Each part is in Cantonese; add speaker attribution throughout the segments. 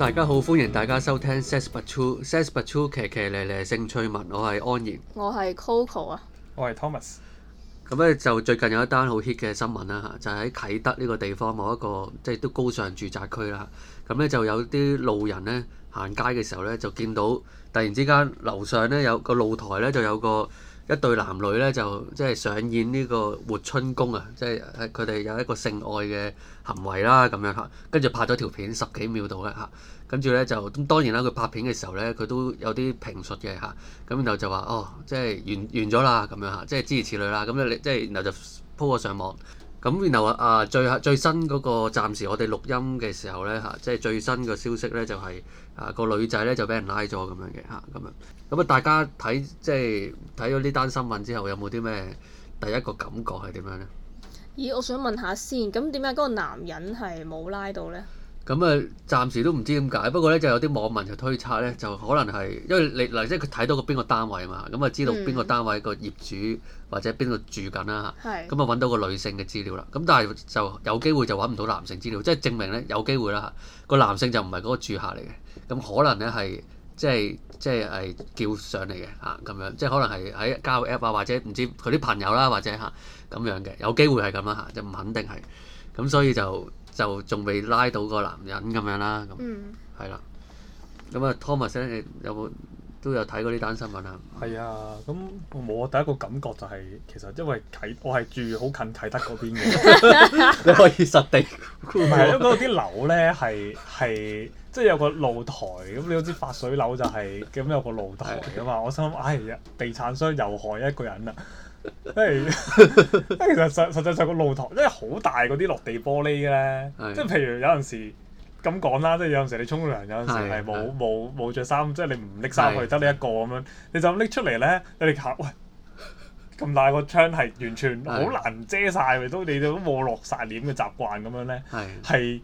Speaker 1: 大家好，歡迎大家收聽 oo, oo, 奇奇嘞嘞嘞《says but true》，《says but true》騎騎咧咧性趣聞，我係安然，
Speaker 2: 我係 Coco 啊，
Speaker 1: 我係 Thomas。咁咧就最近有一單好 hit 嘅新聞啦吓，就喺、是、啟德呢個地方某一個即係都高尚住宅區啦。咁咧就有啲路人咧行街嘅時候咧，就見到突然之間樓上咧有個露台，咧就有個。一對男女咧就即係上演呢個活春宮啊！即係佢哋有一個性愛嘅行為啦咁樣嚇，跟住拍咗條片十幾秒到咧嚇，跟住咧就咁當然啦，佢拍片嘅時候咧佢都有啲評述嘅嚇，咁然後就話哦，即係完完咗啦咁樣嚇，即係諸如此類啦，咁你，即係然後就 po 咗上網，咁然後啊最最新嗰個暫時我哋錄音嘅時候咧嚇，即係最新嘅消息咧就係、是、啊個女仔咧就俾人拉咗咁樣嘅嚇，咁樣。咁啊，大家睇即係睇咗呢單新聞之後，有冇啲咩第一個感覺係點樣呢？
Speaker 2: 咦，我想問下先，咁點解嗰個男人係冇拉到呢？
Speaker 1: 咁啊、嗯，暫時都唔知點解。不過呢，就有啲網民就推測呢，就可能係因為你嗱，即係佢睇到個邊個單位嘛，咁啊知道邊個單位個業主、嗯、或者邊度住緊啦。係。咁啊揾到個女性嘅資料啦，咁但係就有機會就揾唔到男性資料，即係證明呢，有機會啦。個男性就唔係嗰個住客嚟嘅，咁可能呢係。即係即係係叫上嚟嘅嚇，咁樣，即係可能係喺交友 app 啊，或者唔知佢啲朋友啦、啊，或者嚇咁、啊、樣嘅有機會係咁啦嚇，就、啊、唔肯定係咁、啊，所以就就仲未拉到個男人咁樣啦咁，係啦咁啊，Thomas 咧，嗯、Th 你有冇？都有睇過呢單新聞啊！係啊，咁我第一個感覺就係、是、其實因為啟我係住好近啟德嗰邊嘅， 你可以實地。唔 係，因為嗰啲
Speaker 3: 樓咧係係即係有個露台，咁你都知發水樓就係咁有個露台㗎嘛。的我心諗，哎呀，地產商又害一個人啦。因為因為其實實實際上個露台因為好大嗰啲落地玻璃咧，的即係譬如有陣時。咁講啦，即係有陣時你沖涼，有陣時係冇冇冇著衫，即係你唔拎衫去，得你，就你一個咁的樣，你就咁拎出嚟咧，你哋喂咁大個窗係完全好難遮晒，曬，都你哋都冇落晒簾嘅習慣咁樣咧，係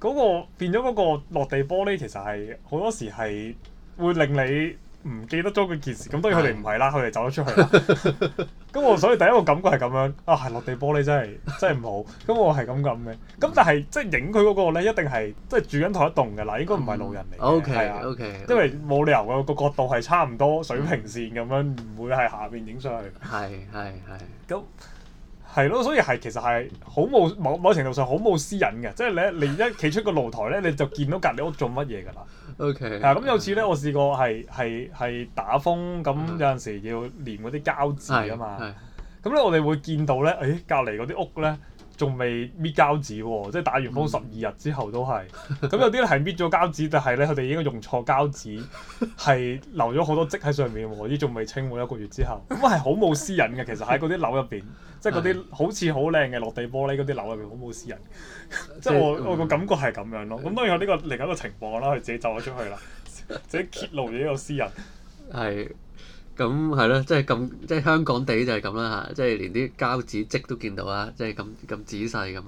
Speaker 3: 嗰個變咗嗰個落地玻璃，其實係好多時係會令你。唔記得咗佢件事，咁當然佢哋唔係啦，佢哋 走咗出去啦。咁 我所以第一個感覺係咁樣，啊係落地玻璃真係真係唔好。咁 我係咁諗嘅。咁但係即係影佢嗰個咧，一定係即係住緊同一棟嘅啦，應該唔係路人嚟嘅。係啊、嗯，okay, okay, okay. 因為冇理由嘅個角度係差唔多水平線咁樣，唔會喺下邊影上去。係係係。咁。係咯，所以係其實係好冇某某程度上好冇私隱嘅，即係你你一企出個露台咧，你就見到隔離屋做乜嘢㗎啦。OK，uh，係啊，咁有次咧，我試過係係係打風咁，有陣時要黏嗰啲膠紙啊嘛。係。咁咧，我哋會見到咧，誒隔離嗰啲屋咧。仲未搣膠紙喎，哦，即係打完風十二日之後都係，咁有啲咧係搣咗膠紙，但係咧佢哋應該用錯膠紙，係 留咗好多跡喺上面喎，哦，依仲未清滿一個月之後，咁係好冇私隱嘅，其實喺嗰啲樓入邊， 即係嗰啲好似好靚嘅落地玻璃嗰啲樓入邊好冇私隱，
Speaker 2: 的 即係我、嗯、我個
Speaker 3: 感覺係咁樣咯，咁的當然有、這、呢個另一個情況啦，佢自己走咗出去
Speaker 1: 啦，自己揭露咗呢個私隱，係。咁係咯，即係咁，即係香港地就係咁啦嚇，即係連啲膠紙跡都見到啊，即係咁咁仔細咁。咁、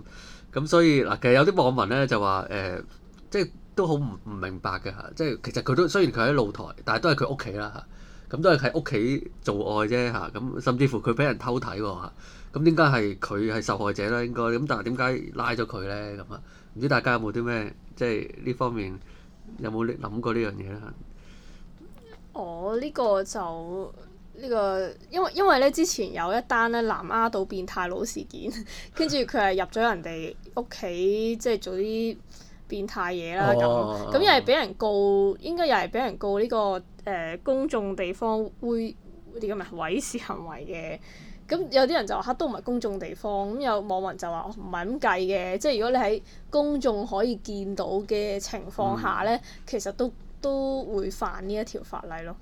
Speaker 1: 嗯、所以嗱，其實有啲網民咧就話誒、呃，即係都好唔唔明白嘅嚇，即係其實佢都雖然佢喺露台，但係都係佢屋企啦嚇，咁、啊、都係喺屋企做愛啫嚇，咁、啊、甚至乎佢俾人偷睇喎嚇，咁點解係佢係受害者咧？應該咁，但係點解拉咗佢咧？咁啊，唔知大家有冇啲咩即係呢方面有冇諗
Speaker 2: 過呢樣嘢咧？哦，呢、呢個就呢、呢個，因為因為咧之前有一單咧南丫島變態佬事件，跟住佢係入咗人哋屋企，即係做啲變態嘢啦咁，咁、哦、又係俾人告，應該又係俾人告呢、呢個誒、呃、公眾地方會點講咪猥褻行為嘅，咁有啲人就話都唔係公眾地方，咁有網民就話唔係咁計嘅，即係如果你喺公眾可以見到嘅情況下咧，嗯、其實都。都會犯呢一條法例咯。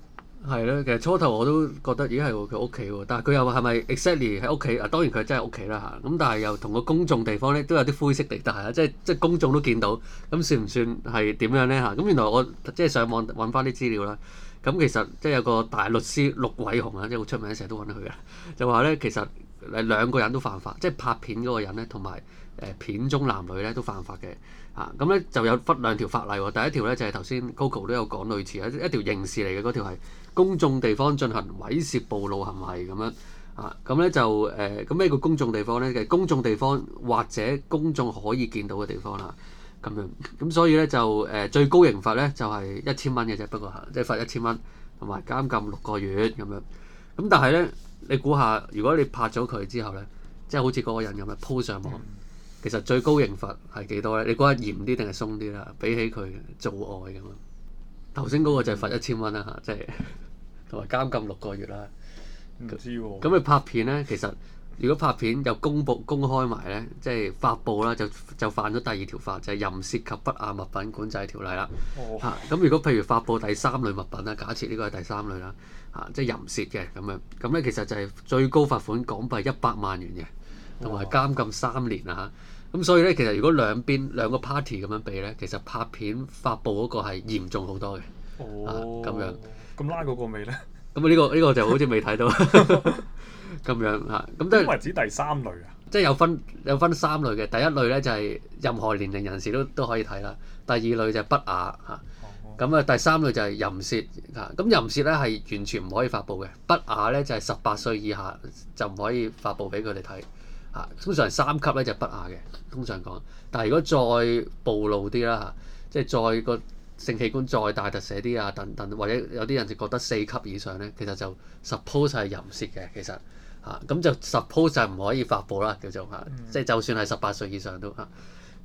Speaker 1: 係咯，其實初頭我都覺得，咦係佢屋企喎，但係佢又係咪 exactly 喺屋企啊？當然佢真係屋企啦嚇。咁、啊、但係又同個公眾地方咧，都有啲灰色地帶啊，即係即係公眾都見到。咁、啊、算唔算係點樣咧嚇？咁、啊、原來我即係上網揾翻啲資料啦。咁、啊、其實即係有個大律師陸偉雄啊，即係好出名，成日都揾佢嘅，就話咧其實兩個人都犯法，即係拍片嗰個人咧，同埋誒片中男女咧都犯法嘅。啊，咁咧就有忽兩條法例喎、啊。第一條咧就係頭先 Coco 都有講類似啊，一條刑事嚟嘅嗰條係公眾地方進行猥褻暴露行為咁樣。啊，咁、啊、咧就誒，咁、呃、咩叫公眾地方咧？其、就、實、是、公眾地方或者公眾可以見到嘅地方啦。咁、啊、樣，咁所以咧就誒、呃、最高刑罰咧就係一千蚊嘅啫。不過嚇，即、就、係、是、罰一千蚊同埋監禁六個月咁樣。咁但係咧，你估下，如果你拍咗佢之後咧，即、就、係、是、好似嗰個人咁樣 po 上網。嗯其實最高刑罰係幾多咧？你覺得嚴啲定係鬆啲啦？比起佢做愛咁啊，頭先嗰個就係罰一千蚊啦，吓，即係同埋監禁六個月啦。咁佢、嗯、拍片咧，其實如果拍片又公佈公開埋咧，即係發布啦，就就犯咗第二條法，就係、是《淫褻及不雅物品管制條例》啦。哦。咁、啊，如果譬如發布第三類物品啦，假設呢個係第三類啦，嚇、啊，即係淫褻嘅咁樣咁咧，其實就係最高罰款港幣一百萬元嘅，同埋監禁三年啦嚇。啊啊咁所以咧，其實如果兩邊兩個 party 咁樣比咧，其實拍片發佈嗰個係嚴重好多嘅，咁、哦啊、樣。咁拉嗰個未咧？咁啊、這個，呢個呢個就好似未睇到，咁 樣嚇。咁即係指第三類啊？即係有分有分三類嘅。第一類咧就係、是、任何年齡人士都都可以睇啦。第二類就係不雅嚇。咁啊，啊， 第三類就係淫褻嚇。咁、啊、淫褻咧係完全唔可以發佈嘅。不雅咧就係十八歲以下就唔可以發佈俾佢哋睇。嚇，通常三級咧就不雅嘅，通常講。但係如果再暴露啲啦，嚇，即係再個性器官再大特寫啲啊，等等，或者有啲人就覺得四級以上咧，其實就 suppose 係淫褻嘅，其實嚇，咁、啊、就 suppose 就唔可以發布啦，叫做嚇，即、啊、係就算係十八歲以上都嚇。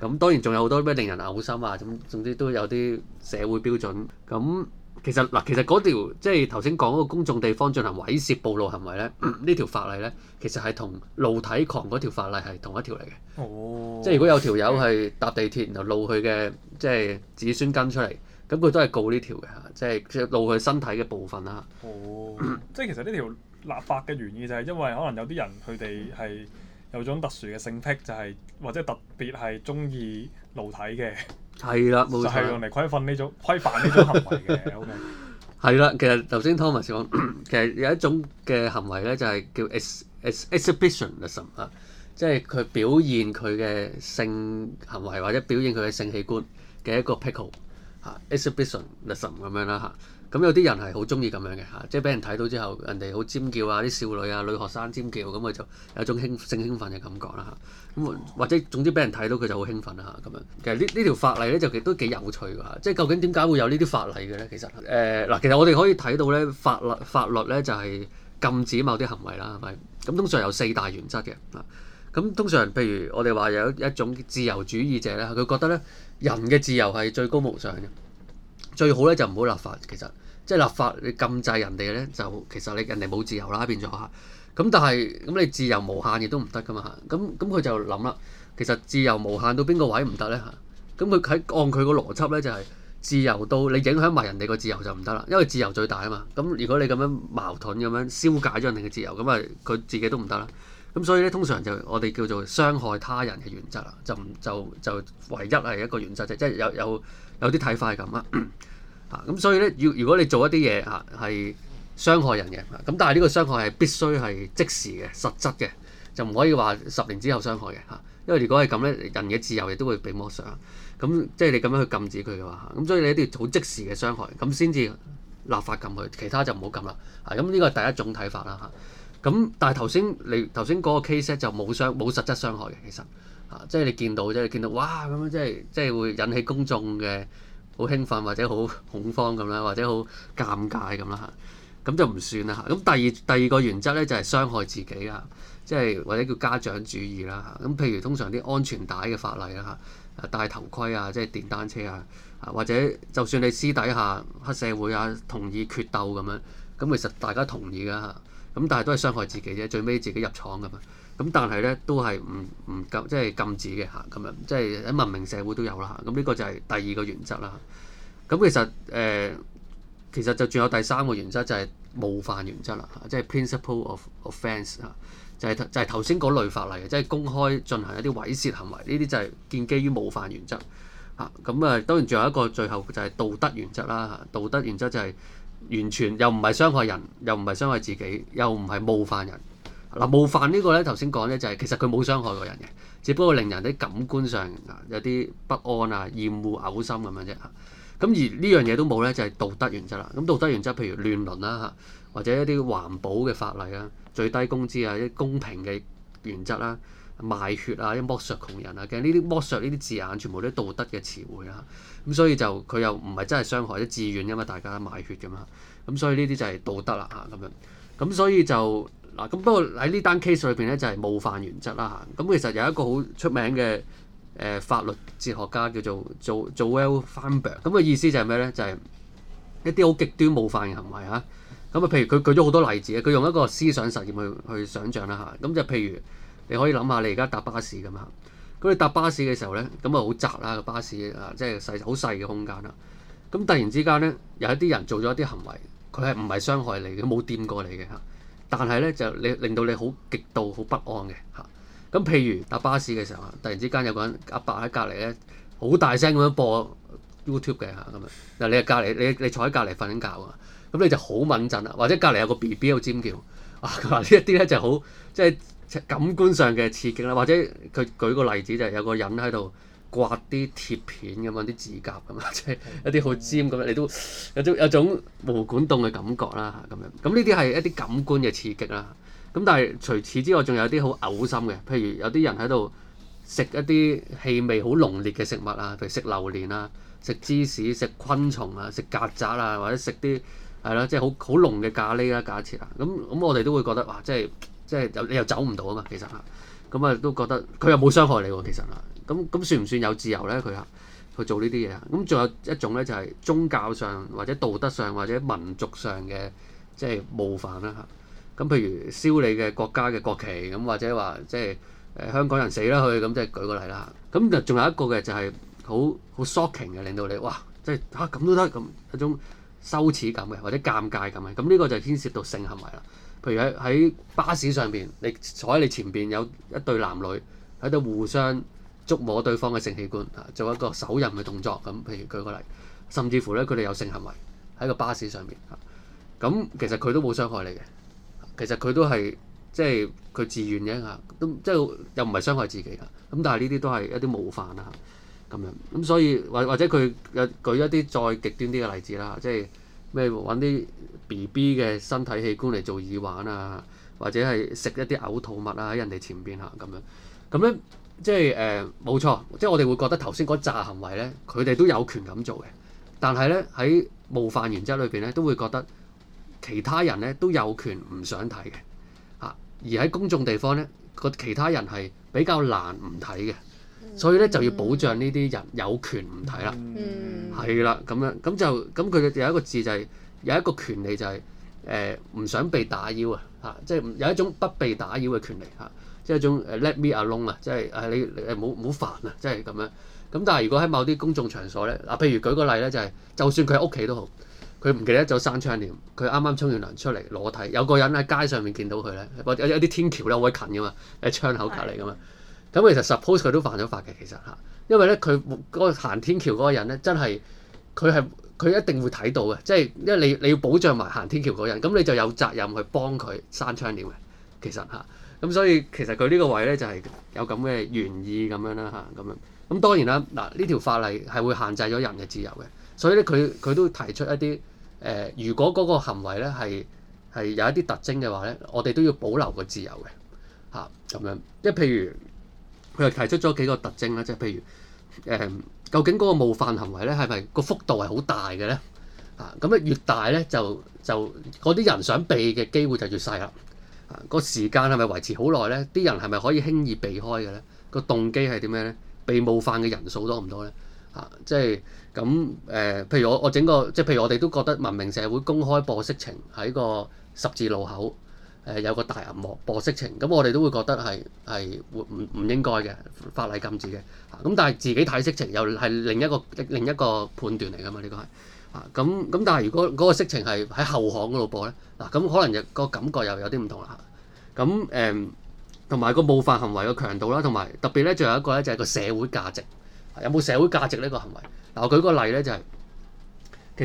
Speaker 1: 咁、啊、當然仲有好多咩令人嘔心啊，咁總之都有啲社會標準咁，啊。其實嗱，其實嗰條即係頭先講嗰個公眾地方進行猥褻暴露行為咧，呢條法例咧，其實係同露體狂嗰條法例係同一條嚟嘅。哦。即係如果有條友係搭地鐵然後露佢嘅即係子孫根出嚟，咁佢都係告呢條嘅嚇，即係即係露佢身體嘅部分啦。
Speaker 3: 哦， 即係其實呢條立法嘅原意就係因為可能有啲人佢哋係有種特殊嘅性癖，就係、是、或者特別係鍾意露體嘅。係啦，冇錯，就係用嚟規訓呢種規範呢
Speaker 1: 種行為嘅。OK，係啦，其實頭先 Thomas 講，其實有一種嘅行為咧，就係叫 ex exhibitionism 啊，即係佢表現佢嘅性行為或者表現佢嘅性器官嘅一個癖好、啊、exhibitionism 咁樣啦嚇。啊咁、嗯、有啲人係好中意咁樣嘅嚇、啊，即係俾人睇到之後，人哋好尖叫啊！啲少女啊、女學生尖叫，咁、嗯、佢就有一種興性興奮嘅感覺啦嚇。咁、啊啊、或者總之俾人睇到佢就好興奮啦嚇。咁、啊、樣其實呢呢條法例咧就其實都幾有趣㗎嚇、啊。即係究竟點解會有呢啲法例嘅咧？其實誒嗱、呃，其實我哋可以睇到咧，法律法律咧就係、是、禁止某啲行為啦，係、啊、咪？咁、嗯、通常有四大原則嘅啊。咁、啊、通常譬如我哋話有一種自由主義者咧，佢、啊、覺得咧人嘅自由係最高無上嘅。最好咧就唔好立法。其實即係立法，你禁制人哋咧，就其實你人哋冇自由啦，變咗嚇。咁但係咁，你自由無限亦都唔得噶嘛。咁咁佢就諗啦，其實自由無限到邊個位唔得咧？咁佢喺按佢個邏輯咧就係、是、自由到你影響埋人哋個自由就唔得啦，因為自由最大啊嘛。咁如果你咁樣矛盾咁樣消解咗人哋嘅自由，咁啊佢自己都唔得啦。咁所以咧，通常就我哋叫做傷害他人嘅原則啦，就就就唯一係一個原則，即係、就是、有有有啲睇法係咁啊。 咁、啊、所以咧，如如果你做一啲嘢啊，係傷害人嘅，咁、啊、但係呢個傷害係必須係即時嘅、實質嘅，就唔可以話十年之後傷害嘅嚇、啊。因為如果係咁咧，人嘅自由亦都會被剝削。咁、啊、即係你咁樣去禁止佢嘅話，咁、啊、所以你一定要做即時嘅傷害，咁先至立法禁佢，其他就唔好禁啦。咁呢個係第一種睇法啦嚇。咁、啊啊、但係頭先你頭先嗰個 case 就冇傷冇實質傷害嘅，其實啊，即係你見到即係你見到哇咁樣即係即係會引起公眾嘅好興奮或者好恐慌咁啦，或者好尷尬咁啦嚇，咁就唔算啦嚇。咁第二第二個原則咧就係傷害自己啊，即係或者叫家長主義啦嚇。咁譬如通常啲安全帶嘅法例啦嚇，戴頭盔啊，即係電單車啊，或者就算你私底下黑社會啊同意決鬥咁樣，咁其實大家同意噶嚇，咁但係都係傷害自己啫，最尾自己入廠㗎嘛。咁但係咧都係唔唔禁即係禁止嘅嚇咁樣，即係喺文明社會都有啦。咁、啊、呢、這個就係第二個原則啦。咁、啊啊、其實誒、呃、其實就仲有第三個原則就係冒犯原則啦、啊，即係 principle of offence、啊、嚇，就係、是、就係頭先嗰類法例嘅，即係公開進行一啲猥褻行為，呢啲就係建基於冒犯原則嚇。咁啊，啊當然仲有一個最後就係道德原則啦嚇，道德原則就係完全又唔係傷害人，又唔係傷害自己，又唔係冒犯人。嗱，冒犯呢個咧，頭先講咧就係、是、其實佢冇傷害過人嘅，只不過令人啲感官上有啲不安啊、厭惡、嘔、嘔心咁樣啫。咁而呢樣嘢都冇咧，就係、是、道德原則啦。咁、啊、道德原則譬如亂倫啦，或者一啲環保嘅法例啊、最低工資啊、一啲公平嘅原則啦、啊、賣血啊、一啲剝削窮人啊，其實呢啲剝削呢啲字眼全部都係道德嘅詞彙啊。咁、啊啊、所以就佢又唔係真係傷害，啲自願噶嘛，大家賣血噶嘛。咁、啊啊、所以呢啲就係道德啦、啊。嚇咁樣，咁、啊、所以就。啊嗱，咁不過喺呢單 case 裏邊咧，就係、是、冒犯原則啦、啊、嚇。咁、嗯、其實有一個好出名嘅誒、呃、法律哲學家叫做做做 Feinberg 咁嘅意思就係咩咧？就係、是、一啲好極端冒犯嘅行為嚇、啊。咁、嗯、啊，譬如佢舉咗好多例子咧，佢用一個思想實驗去去想像啦嚇。咁、嗯、就譬如你可以諗下、嗯，你而家搭巴士咁嚇。咁你搭巴士嘅時候咧，咁、嗯嗯、啊好窄啦，個巴士啊即係細好細嘅空間啦。咁、啊嗯、突然之間咧，有一啲人做咗一啲行為，佢係唔係傷害你嘅，冇掂過你嘅嚇。但係咧就你令到你好極度好不安嘅嚇，咁、啊、譬如搭巴士嘅時候啊，突然之間有個人阿伯喺隔離咧，好大聲咁樣播 YouTube 嘅嚇，咁啊，嗱你喺隔離你你坐喺隔離瞓緊覺啊，咁你就好敏震啊、啊、就是就是、啊，或者隔離有個 BB 喺度尖叫啊，呢一啲咧就好即係感官上嘅刺激啦，或者佢舉個例子就係、是、有個人喺度。刮啲鐵片咁啊，啲指甲咁啊，即 係一啲好尖咁樣，你都有種有種毛管動嘅感覺啦，嚇咁樣。咁呢啲係一啲感官嘅刺激啦。咁但係除此之外，仲有啲好嘔心嘅，譬如有啲人喺度食一啲氣味好濃烈嘅食物啊，譬如食榴蓮啊，食芝士、食昆蟲啊、食曱甴啊，或者食啲係咯，即係好好濃嘅咖喱啦、啊，假設啊。咁咁我哋都會覺得哇，即係即係你又走唔到啊嘛，其實嚇。咁啊，都覺得佢又冇傷害你喎、啊，其實啊。咁咁算唔算有自由咧？佢去去做呢啲嘢。咁仲有一種咧，就係、是、宗教上或者道德上或者民族上嘅，即係冒犯啦嚇。咁譬如燒你嘅國家嘅國旗，咁或者話即係誒、呃、香港人死啦佢咁，即係舉個例啦。咁就仲有一個嘅就係好好 shocking 嘅，令到你哇，即係吓咁都得咁一種羞恥感嘅，或者尷尬咁嘅。咁呢個就牽涉到性行為啦。譬如喺喺巴士上邊，你坐喺你前邊有一對男女喺度互相，觸摸對方嘅性器官，做一個手淫嘅動作，咁譬如舉個例，甚至乎咧佢哋有性行為喺個巴士上面，咁、嗯、其實佢都冇傷害你嘅，其實佢都係即係佢自願嘅嚇，都、嗯、即係又唔係傷害自己噶，咁、嗯、但係呢啲都係一啲冒犯啦，咁、嗯、樣，咁、嗯、所以或或者佢有舉一啲再極端啲嘅例子啦，即係咩搵啲 BB 嘅身體器官嚟做耳環啊，或者係食一啲嘔吐物啊喺人哋前邊嚇咁樣，咁、嗯、咧。嗯嗯。即係誒，冇、呃、錯，即係我哋會覺得頭先嗰扎行為咧，佢哋都有權咁做嘅。但係咧喺冒犯原則裏邊咧，都會覺得其他人咧都有權唔想睇嘅。啊，而喺公眾地方咧，個其他人係比較難唔睇嘅，所以咧就要保障呢啲人有權唔睇啦。嗯，係啦，咁樣咁就咁，佢有一個字就係、是、有一個權利就係誒唔想被打擾啊！嚇，即係有一種不被打擾嘅權利嚇。啊即係一種 Let me alone 啊！即係誒你誒唔好唔好煩啊！即係咁樣。咁但係如果喺某啲公眾場所咧，嗱，譬如舉個例咧，就係就算佢喺屋企都好，佢唔記得就閂窗簾。佢啱啱衝完涼出嚟裸體，有個人喺街上面見到佢咧，或者有啲天橋咧會近噶嘛，喺窗口隔離噶嘛。咁其實 suppose 佢都犯咗法嘅，其實嚇。因為咧佢嗰個行天橋嗰個人咧真係佢係佢一定會睇到嘅，即係因為你你要保障埋行天橋嗰人，咁你就有責任去幫佢閂窗簾嘅。其實嚇。咁所以其實佢呢個位咧就係有咁嘅原意咁樣啦、啊、吓，咁樣咁當然啦嗱，呢條法例係會限制咗人嘅自由嘅，所以咧佢佢都提出一啲誒、呃，如果嗰個行為咧係係有一啲特徵嘅話咧，我哋都要保留個自由嘅吓，咁、啊、樣，即係譬如佢又提出咗幾個特徵啦，即係譬如誒、呃，究竟嗰個冒犯行為咧係咪個幅度係好大嘅咧？吓咁咧越大咧就就嗰啲人想避嘅機會就越細啦。啊！個時間係咪維持好耐咧？啲人係咪可以輕易避開嘅咧？個動機係點樣咧？被冒犯嘅人數多唔多咧？啊！即係咁誒，譬如我我整個即係譬如我哋都覺得文明社會，公開播色情，喺個十字路口誒、呃，有個大銀幕播色情，咁我哋都會覺得係係唔唔應該嘅法例禁止嘅。咁、啊、但係自己睇色情又係另一個另一個判斷嚟㗎嘛？呢、呢個係。咁咁、嗯，但係如果嗰個色情係喺後巷嗰度播呢，嗱、嗯、咁可能又個感覺又有啲唔同啦。咁、嗯、誒，同埋個冒犯行為個強度啦，同埋特別呢，仲有一個呢，就係、是、個社會價值，啊、有冇社會價值呢、這個行為？嗱、嗯，我舉個例呢，就係、是、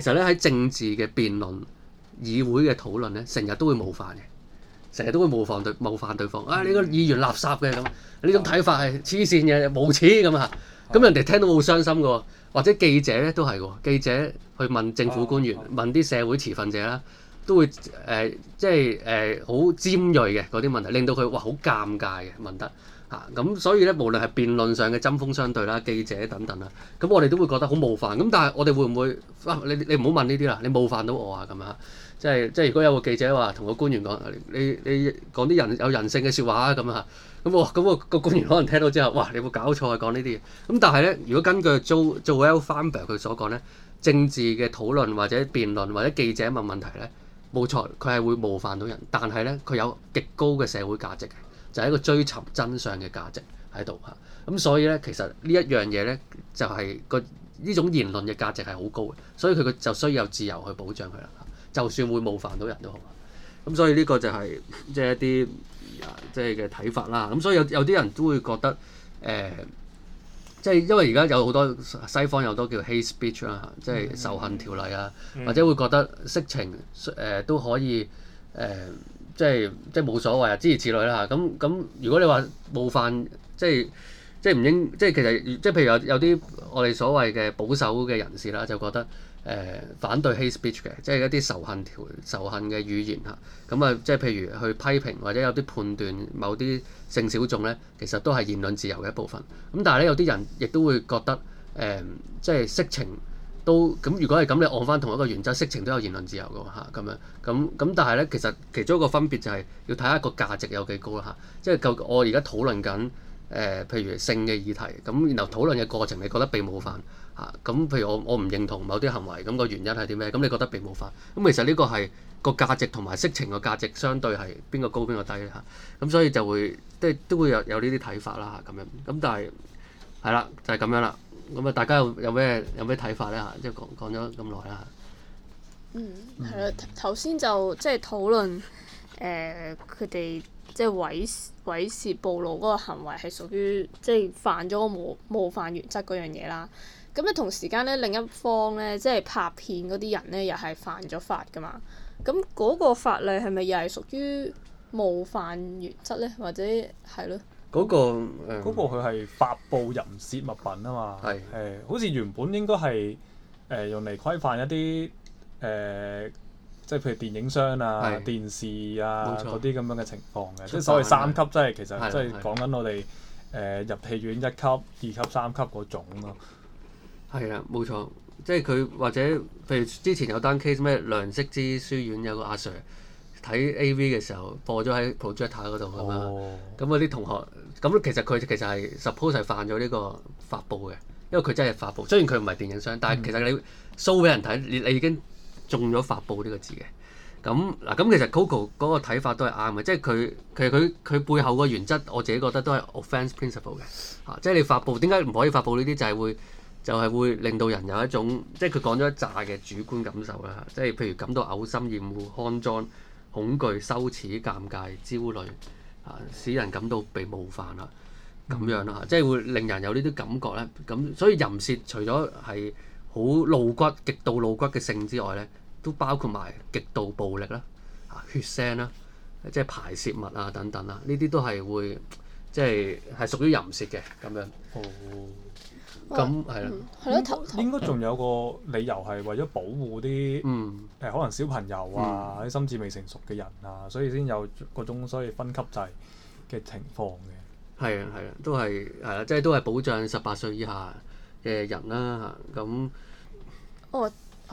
Speaker 1: 其實呢，喺政治嘅辯論、議會嘅討論呢，成日都會冒犯嘅，成日都會冒犯對冒犯對方。啊，你個議員垃圾嘅咁呢種睇法係黐線嘅，無恥咁啊！咁人哋聽到好傷心嘅喎，或者記者咧都係喎，記者去問政府官員、問啲社會持份者啦，都會誒、呃，即係誒好尖鋭嘅嗰啲問題，令到佢哇好尷尬嘅問得嚇。咁、啊、所以咧，無論係辯論上嘅針鋒相對啦，記者等等啦，咁我哋都會覺得好冒犯。咁但係我哋會唔會啊？你你唔好問呢啲啦，你冒犯到我啊咁啊！即係即係，如果有個記者話同個官員講，你你講啲人有人性嘅説話啊咁啊！咁咁個個官員可能聽到之後，哇！你有冇搞錯、啊、講呢啲嘢？咁但係咧，如果根據 Jo Joel Feinberg 佢所講咧，政治嘅討論或者辯論或者記者問問題咧，冇錯，佢係會冒犯到人，但係咧，佢有極高嘅社會價值，就係、是、一個追尋真相嘅價值喺度嚇。咁、啊、所以咧，其實一呢一樣嘢咧，就係、是、個呢種言論嘅價值係好高嘅，所以佢嘅就需要有自由去保障佢啦、啊。就算會冒犯到人都好。咁、嗯、所以呢個就係、是、即係一啲、嗯、即係嘅睇法啦。咁、嗯、所以有有啲人都會覺得誒、呃，即係因為而家有好多西方有好多叫 hate speech 啦，即係仇恨條例啊，mm hmm. mm hmm. 或者會覺得色情誒、呃、都可以誒、呃，即係即係冇所謂啊，諸如此類啦。咁咁如果你話冒犯，即係即係唔應，即係其實即係譬如有有啲我哋所謂嘅保守嘅人士啦，就覺得。誒、呃、反對 hate speech 嘅，即係一啲仇恨條仇恨嘅語言嚇，咁啊，即係譬如去批評或者有啲判斷某啲性小眾咧，其實都係言論自由嘅一部分。咁、嗯、但係咧有啲人亦都會覺得誒、呃，即係色情都咁、啊。如果係咁，你按翻同一個原則，色情都有言論自由嘅喎咁樣咁咁、啊。但係咧，其實其中一個分別就係、是、要睇下個價值有幾高啦嚇、啊，即係夠我而家討論緊誒，譬如性嘅議題，咁、啊、然後討論嘅過程你覺得被冒犯。嚇咁，譬如我我唔認同某啲行為，咁、那個原因係啲咩？咁你覺得被冒犯？咁其實呢個係個價值同埋色情嘅價值相對係邊個高邊個低嘅嚇？咁所以就會即係都會有有呢啲睇法啦嚇咁樣。咁但係係啦，就係、是、咁樣啦。咁啊，大家有有咩有咩睇法咧嚇？即係講講咗咁耐啦嚇。嗯，
Speaker 2: 係啦。頭先就即係、就是、討論誒，佢哋即係猥猥褻暴露嗰個行為係屬於即係、就是、犯咗個冒冒犯原則嗰樣嘢啦。咁你同時間咧，另一方咧，即係拍片嗰啲人咧，又係犯咗法㗎嘛？咁嗰個法例係咪又係屬於冒犯原則咧？或者係咯？
Speaker 3: 嗰、那個嗰個佢係發布淫褻物品啊嘛，係誒是、欸，好似原本應該係誒、呃、用嚟規範一啲誒、呃，即係譬如電影商啊、是電視啊嗰啲咁樣嘅情況嘅，即係所謂三級、就是，即係的其實即係講緊我哋誒、呃、入戲院一級、二級、二級三級嗰種咯。
Speaker 1: 係啦，冇錯，即係佢或者譬如之前有單 case 咩？梁式之書院有個阿 sir 睇 A.V. 嘅時候播咗喺 projector 嗰度咁樣，咁啲、哦嗯、同學咁，其實佢其實係 suppose 係犯咗呢個發布嘅，因為佢真係發布。雖然佢唔係電影商，但係其實你 show 俾人睇，你已經中咗發布呢個字嘅。咁、嗯、嗱，咁、嗯、其實 Coco 嗰個睇法都係啱嘅，即係佢佢佢佢背後個原則，我自己覺得都係 offence principle 嘅嚇、啊，即係你發布點解唔可以發布呢啲就係、是、會。就係會令到人有一種，即係佢講咗一紮嘅主觀感受啦，即係譬如感到嘔心厭惡、骯髒、恐懼、羞恥、尷尬、焦慮，啊，使人感到被冒犯啦，咁、啊、樣啦，即係會令人有呢啲感覺咧。咁、啊、所以淫褻除咗係好露骨、極度露骨嘅性之外咧，都包括埋極度暴力啦、啊、血腥啦、啊，即係排泄物啊等等啦，呢、啊、啲都係會即係係屬於淫褻嘅咁樣。哦。
Speaker 2: 咁係啦，應該仲有
Speaker 1: 個理由係為咗保護啲誒、
Speaker 3: 嗯呃、可能小朋友啊、啲、嗯、心智未成熟嘅人啊，所以先有嗰種所以分
Speaker 1: 級制嘅情況嘅。係啊，係啊，都係係啦，即係都係保障十八歲以下嘅人啦、啊。咁。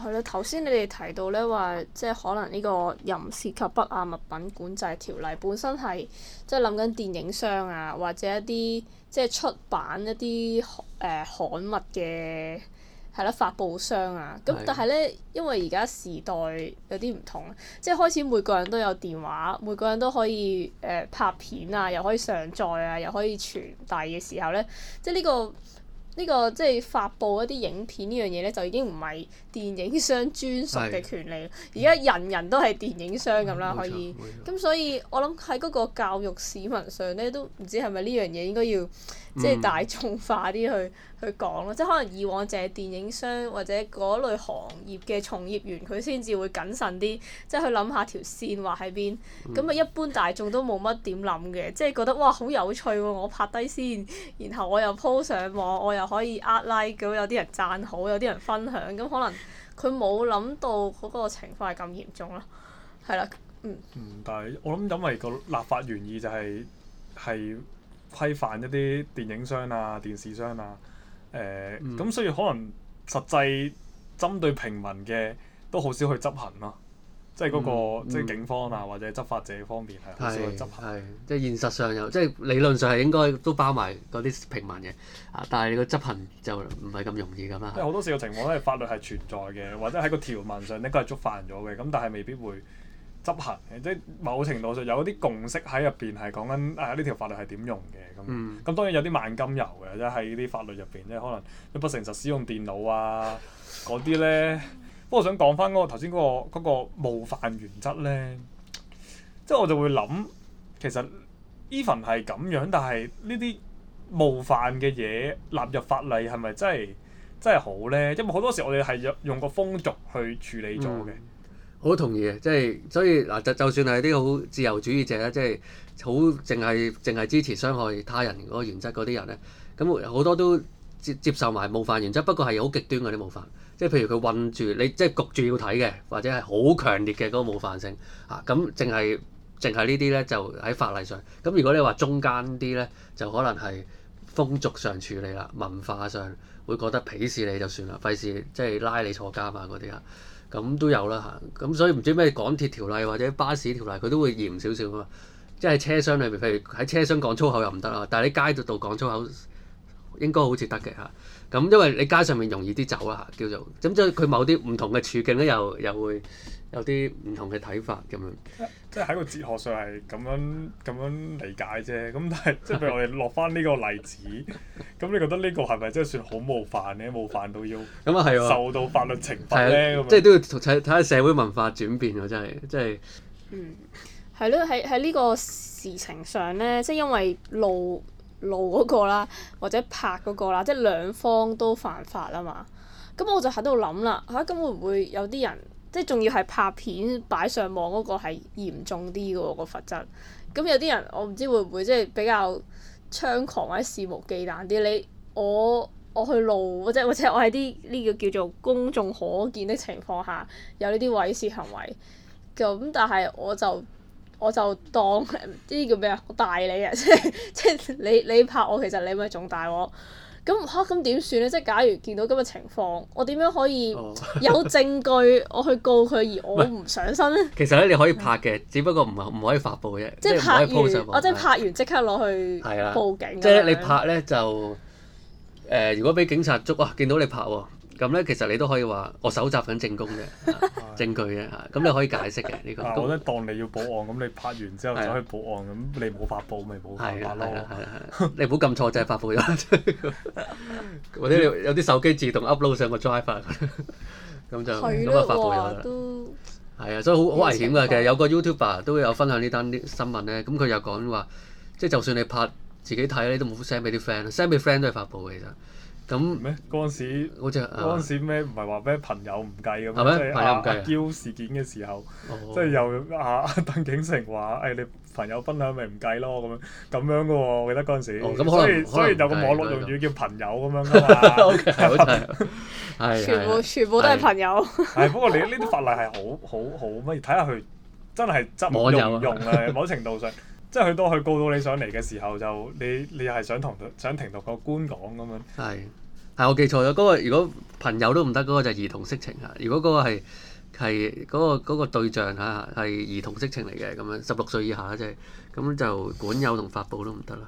Speaker 2: 係咯，頭先你哋提到咧話，即係可能呢、這個《淫褻及不雅物品管制條例》本身係即係諗緊電影商啊，或者一啲即係出版一啲誒刊物嘅係啦發佈商啊。咁的但係咧，因為而家時代有啲唔同，即係開始每個人都有電話，每個人都可以誒、呃、拍片啊，又可以上載啊，又可以傳遞嘅時候咧，即係、這、呢個。呢個即係發佈一啲影片呢樣嘢咧，就已經唔係電影商專屬嘅權利，而家人人都係電影商咁啦，嗯、可以。咁所以，我諗喺嗰個教育市民上咧，都唔知係咪呢樣嘢應該要。即係大眾化啲去去講咯，即係可能以往就係電影商或者嗰類行業嘅從業員佢先至會謹慎啲，即係去諗下條線話喺邊。咁啊、嗯，一般大眾都冇乜點諗嘅，即係覺得哇好有趣喎！我拍低先，然後我又 po 上網，我又可以呃 t like，有啲人讚好，有啲人分享。咁可能佢冇諗到嗰個情況係咁嚴重咯。係啦，
Speaker 3: 嗯。嗯，但係我諗因為個立法原意就係、係、係。規範一啲電影商啊、電視商啊，誒、呃、咁，嗯、所以可能實際針對平民嘅都好少去執行咯、啊，即係嗰、那個、嗯、即係警方啊、嗯、或者執法者方面係好少去執行、
Speaker 1: 啊嗯嗯。即係現實上有，即係理論上係應該都包埋嗰啲平民嘅，啊，但係你個執行就唔係咁容易咁啦。即係
Speaker 3: 好多時嘅情況咧，法律係存在嘅，或者喺個條文上應該係觸犯咗嘅，咁但係未必會。執行，即係某程度上有啲共識喺入邊，係講緊誒，呢條法律係點用嘅。咁咁當然有啲萬金油嘅，即係呢啲法律入邊，即係可能你不誠實使用電腦啊嗰啲咧。不過我想講翻嗰個頭先嗰個嗰個冒犯原則咧，即係我就會諗其實 even 係咁樣，但係呢啲冒犯嘅嘢納入法例係咪真係真係好咧？因為好多時我哋係用用個風俗去處理咗嘅。嗯
Speaker 1: 好同意啊！即係所以嗱，就就算係啲好自由主義者咧，即係好淨係淨係支持傷害他人嗰個原則嗰啲人咧，咁好多都接接受埋冒犯原則，不過係好極端嗰啲冒犯，即係譬如佢韞住你，即係焗住要睇嘅，或者係好強烈嘅嗰個冒犯性啊！咁淨係淨係呢啲咧，就喺法例上。咁如果你話中間啲咧，就可能係風俗上處理啦，文化上會覺得鄙視你就算啦，費事即係拉你坐監啊嗰啲啊。咁都有啦，啊、嚇，咁、嗯、所以唔知咩港鐵條例或者巴士條例，佢都會嚴少少啊嘛。即、就、係、是、車廂裏面，譬如喺車廂講粗口又唔得啦，但係喺街度度講粗口應該好似得嘅嚇。咁因為你街上面容易啲走啊嚇，叫做咁即係佢某啲唔同嘅處境咧，又又會。有啲唔同嘅睇法咁樣，
Speaker 3: 即係喺個哲學上係咁樣咁樣理解啫。咁但係，即係譬如我哋落翻呢個例子，咁 你覺得呢個係咪真係算好冒犯咧？冒犯到要咁啊，係喎，受到法律懲罰咧。即係
Speaker 1: 都要睇睇下社會文化轉變喎，真係，即係。嗯，
Speaker 2: 係咯，喺喺呢個事情上咧，即係因為路路嗰個啦，或者拍嗰個啦，即係兩方都犯法啊嘛。咁我就喺度諗啦，嚇、啊、咁會唔會有啲人？即係仲要係拍片擺上網嗰個係嚴重啲嘅喎，個罰則。咁有啲人我唔知會唔會即係比較猖狂或者肆無忌憚啲，你我我去露，即係或者我喺啲呢個叫做公眾可見的情況下有呢啲猥褻行為，咁但係我就我就當呢啲叫咩啊，我大你啊 即係即係你你拍我，其實你咪仲大我。咁嚇，咁點算咧？即係假如見到咁嘅情況，我點樣可以有證據我去告佢，而我唔上身咧？ 其
Speaker 1: 實咧，你可以拍嘅，只不過唔係唔可以發布嘅啫。即係拍完，即係拍
Speaker 2: 完即刻攞去報警。 了即係你拍
Speaker 1: 咧就誒、呃，如果俾警察捉啊，見到你拍喎、哦。咁咧，其實你都可以話我搜集緊證供嘅證據嘅。咁你可以解釋嘅呢個。我覺得
Speaker 3: 當你要報案，咁你拍完之後就可以報案，咁
Speaker 1: 你冇發布咪冇辦法咯。你唔好撳錯啫，發布咗。或者你有啲手機自動 upload 上個 drive，咁就咁好話發布咗啦。係啊，所以好好危險㗎。其實有個 YouTuber 都有分享呢單新聞咧，咁佢又講話，即係就算你拍自己睇，你都冇 send 俾啲 friend，send 俾 friend 都係發布嘅其實。咁咩？嗰陣時，嗰
Speaker 3: 時咩？唔係話咩朋友唔計
Speaker 1: 咁樣？即係阿阿嬌
Speaker 3: 事件嘅時候，即係又阿鄧景成話，誒你朋友分享咪唔計咯咁樣，咁樣嘅喎。我記得嗰陣時，所以所以有個網絡用語叫朋友咁樣嘅嘛。
Speaker 1: 全部全部都係朋友。
Speaker 3: 係，不過你呢啲法例係好好好咩？睇下佢真係執唔用啊！某程度上，即係佢到佢告到你上嚟嘅時候，就你你係想同想停度個官講咁樣。係。
Speaker 1: 係我記錯咗，嗰個如果朋友都唔得，嗰個就兒童色情啊。如果嗰個係係嗰個對象嚇係兒童色情嚟嘅咁樣，十六歲以下即係咁就管有同發布都唔得啦。